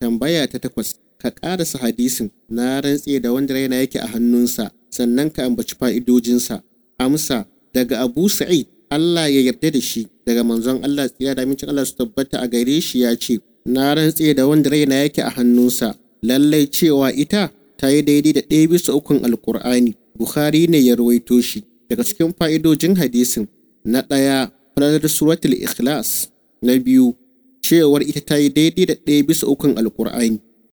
Tambaya ta takwas, ka ƙarasa hadisin na rantse da wanda raina yake a hannunsa, sannan ka ambaci fa'idojinsa. Amsa, daga Abu Sa'id, Allah ya yarda da shi, daga manzon Allah tsira da amincin Allah su tabbata a gare shi ya ce, Na rantse da wanda raina yake a hannunsa, lallai cewa ita ta yi daidai da ɗaya bisa ukun alkur'ani Bukhari ne ya ruwaito shi. Daga cikin fa'idojin hadisin, na ɗaya, farar suratul Ikhlas, na biyu, cewar ita ta yi daidai da ɗaya bisa ukun Alƙur'ani.